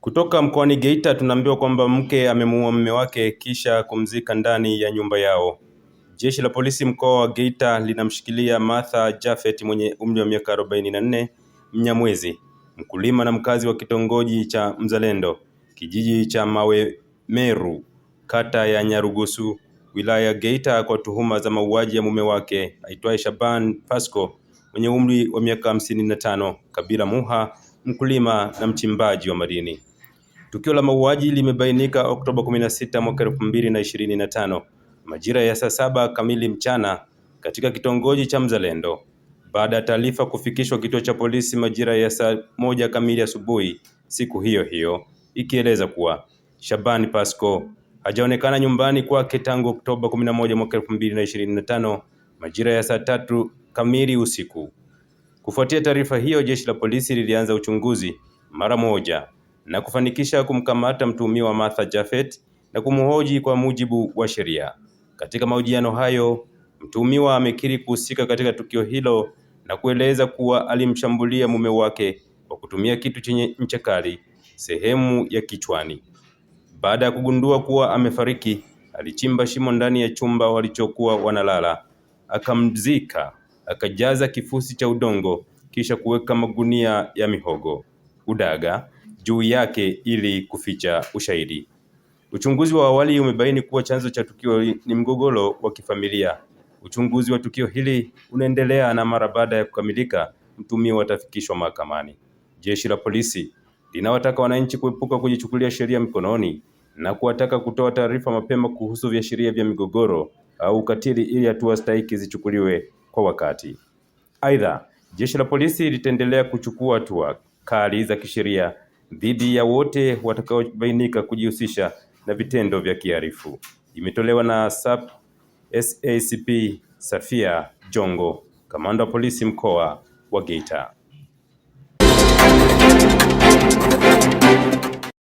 Kutoka mkoani Geita tunaambiwa kwamba mke amemuua mume wake kisha kumzika ndani ya nyumba yao. Jeshi la polisi mkoa wa Geita linamshikilia Martha Jafet mwenye umri wa miaka arobaini na nne, Mnyamwezi, mkulima na mkazi wa kitongoji cha Mzalendo, kijiji cha Mawe Meru, kata ya Nyarugusu, wilaya ya Geita kwa tuhuma za mauaji ya mume wake aitwaye Shaban Pasco mwenye umri wa miaka hamsini na tano, Kabila Muha mkulima na mchimbaji wa madini. Tukio la mauaji limebainika Oktoba 16 mwaka tano majira ya saa saba kamili mchana katika kitongoji cha Mzalendo baada ya taarifa kufikishwa kituo cha polisi majira ya saa moja kamili asubuhi siku hiyo hiyo, ikieleza kuwa Shabani Pasco hajaonekana nyumbani kwake tangu Oktoba 11 mwaka 2025 majira ya saa tatu kamili usiku. Kufuatia taarifa hiyo, jeshi la polisi lilianza uchunguzi mara moja na kufanikisha kumkamata mtuhumiwa Martha Japhet na kumhoji kwa mujibu wa sheria. Katika mahojiano hayo, mtuhumiwa amekiri kuhusika katika tukio hilo na kueleza kuwa alimshambulia mume wake kwa kutumia kitu chenye ncha kali sehemu ya kichwani. Baada ya kugundua kuwa amefariki, alichimba shimo ndani ya chumba walichokuwa wanalala, akamzika. Akajaza kifusi cha udongo kisha kuweka magunia ya mihogo, udaga juu yake ili kuficha ushahidi. Uchunguzi wa awali umebaini kuwa chanzo cha tukio ni mgogoro wa kifamilia. Uchunguzi wa tukio hili unaendelea na mara baada ya kukamilika, mtuhumiwa atafikishwa mahakamani. Jeshi la polisi linawataka wananchi kuepuka kujichukulia sheria mikononi na kuwataka kutoa taarifa mapema kuhusu viashiria vya migogoro au ukatili ili hatua stahiki zichukuliwe kwa wakati. Aidha, jeshi la polisi litaendelea kuchukua hatua kali za kisheria dhidi ya wote watakaobainika kujihusisha na vitendo vya kihalifu. Imetolewa na SAP SACP Safia Jongo, kamanda wa polisi mkoa wa Geita.